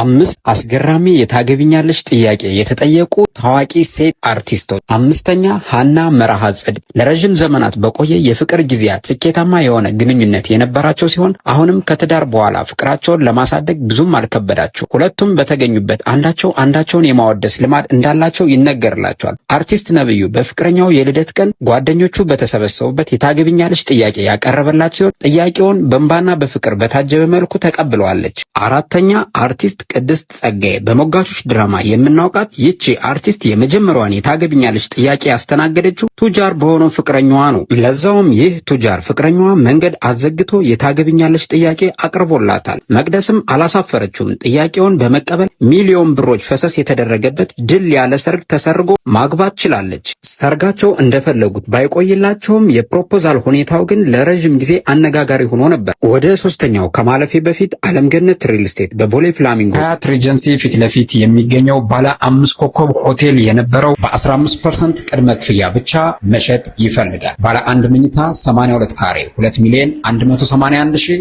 አምስት አስገራሚ የታገቢኛለሽ ጥያቄ የተጠየቁ ታዋቂ ሴት አርቲስቶች። አምስተኛ ሀና መርሃ ጽድ ለረዥም ዘመናት በቆየ የፍቅር ጊዜያት ስኬታማ የሆነ ግንኙነት የነበራቸው ሲሆን አሁንም ከትዳር በኋላ ፍቅራቸውን ለማሳደግ ብዙም አልከበዳቸው። ሁለቱም በተገኙበት አንዳቸው አንዳቸውን የማወደስ ልማድ እንዳላቸው ይነገርላቸዋል። አርቲስት ነብዩ በፍቅረኛው የልደት ቀን ጓደኞቹ በተሰበሰቡበት የታገቢኛለሽ ጥያቄ ያቀረበላት ሲሆን ጥያቄውን በእንባና በፍቅር በታጀበ መልኩ ተቀብለዋለች። አራተኛ አርቲስት ቅድስት ጸጋዬ በሞጋቾች ድራማ የምናውቃት ይቺ አርቲስት የመጀመሪያዋን የታገቢኛለች ጥያቄ ያስተናገደችው ቱጃር በሆነው ፍቅረኛዋ ነው። ለዛውም ይህ ቱጃር ፍቅረኛዋ መንገድ አዘግቶ የታገብኛለች ጥያቄ አቅርቦላታል። መቅደስም አላሳፈረችውም። ጥያቄውን በመቀበል ሚሊዮን ብሮች ፈሰስ የተደረገበት ድል ያለ ሰርግ ተሰርጎ ማግባት ችላለች። ሰርጋቸው እንደፈለጉት ባይቆይላቸውም የፕሮፖዛል ሁኔታው ግን ለረዥም ጊዜ አነጋጋሪ ሆኖ ነበር። ወደ ሶስተኛው ከማለፌ በፊት አለምገነት ሪል ስቴት በቦሌ ፍላሚንጎ ሀያት ሬጀንሲ ፊት ለፊት የሚገኘው ባለ አምስት ኮከብ ሆቴል የነበረው በ15 ፐርሰንት ቅድመ ክፍያ ብቻ መሸጥ ይፈልጋል። ባለ አንድ መኝታ 82 ካሬ 2 ሚሊዮን 181200፣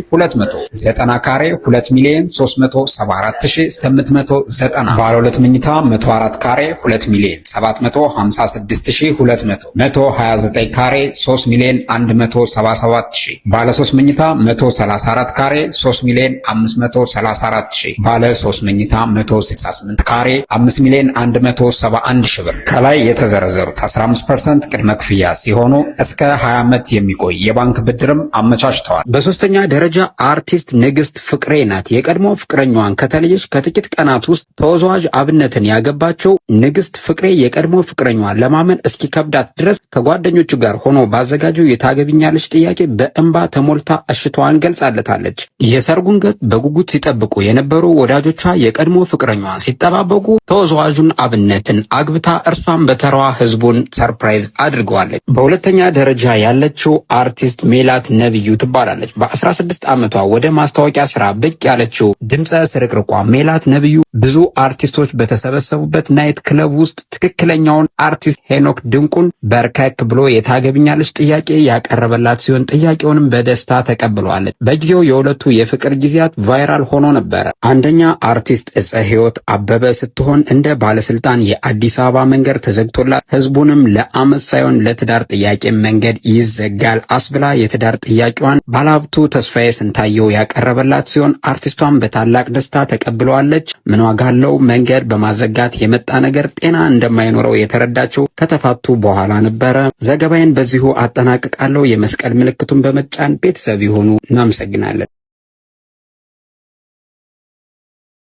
90 ካሬ 2 ሚሊዮን 374890፣ ባለ ሁለት መኝታ 104 ካሬ 2 ሚሊዮን 756 129 ካሬ 3 ሚሊዮን 177 ሺ ባለ 3 መኝታ 134 ካሬ 3 ሚሊዮን 534 ሺ ባለ 3 መኝታ 168 ካሬ 5 ሚሊዮን 171 ሺ ብር ከላይ የተዘረዘሩት 15% ቅድመ ክፍያ ሲሆኑ እስከ 20 ዓመት የሚቆይ የባንክ ብድርም አመቻችተዋል። በሶስተኛ ደረጃ አርቲስት ንግስት ፍቅሬ ናት። የቀድሞ ፍቅረኛዋን ከተለየች ከጥቂት ቀናት ውስጥ ተወዛዋዥ አብነትን ያገባቸው ንግስት ፍቅሬ የቀድሞ ፍቅረኛዋን ለማመን እስኪከብዳት ድረስ ከጓደኞቹ ጋር ሆኖ ባዘጋጀው የታገቢኛለች ጥያቄ በእንባ ተሞልታ እሽቷን ገልጻለታለች። የሰርጉን ቀን በጉጉት ሲጠብቁ የነበሩ ወዳጆቿ የቀድሞ ፍቅረኛዋን ሲጠባበቁ ተወዛዋዡን አብነትን አግብታ እርሷን በተራዋ ህዝቡን ሰርፕራይዝ አድርገዋለች። በሁለተኛ ደረጃ ያለችው አርቲስት ሜላት ነብዩ ትባላለች። በ16 ዓመቷ ወደ ማስታወቂያ ስራ ብቅ ያለችው ድምፀ ስርቅርቋ ሜላት ነብዩ ብዙ አርቲስቶች በተሰበሰቡበት ናይት ክለብ ውስጥ ትክክለኛውን አርቲስት ሄኖክ ወርቅ ድንቁን በርከክ ብሎ የታገብኛለች ጥያቄ ያቀረበላት ሲሆን ጥያቄውንም በደስታ ተቀብሏለች። በጊዜው የሁለቱ የፍቅር ጊዜያት ቫይራል ሆኖ ነበረ። አንደኛ አርቲስት እፀ ህይወት አበበ ስትሆን እንደ ባለስልጣን የአዲስ አበባ መንገድ ተዘግቶላት ህዝቡንም ለአመት ሳይሆን ለትዳር ጥያቄ መንገድ ይዘጋል አስብላ የትዳር ጥያቄዋን ባለሀብቱ ተስፋዬ ስንታየው ያቀረበላት ሲሆን አርቲስቷን በታላቅ ደስታ ተቀብለዋለች። ምን ዋጋ አለው መንገድ በማዘጋት የመጣ ነገር ጤና እንደማይኖረው የተረዳችው ከተፋ ከተፋቱ በኋላ ነበረ። ዘገባዬን በዚሁ አጠናቅቃለሁ። የመስቀል ምልክቱን በመጫን ቤተሰብ የሆኑ እናመሰግናለን።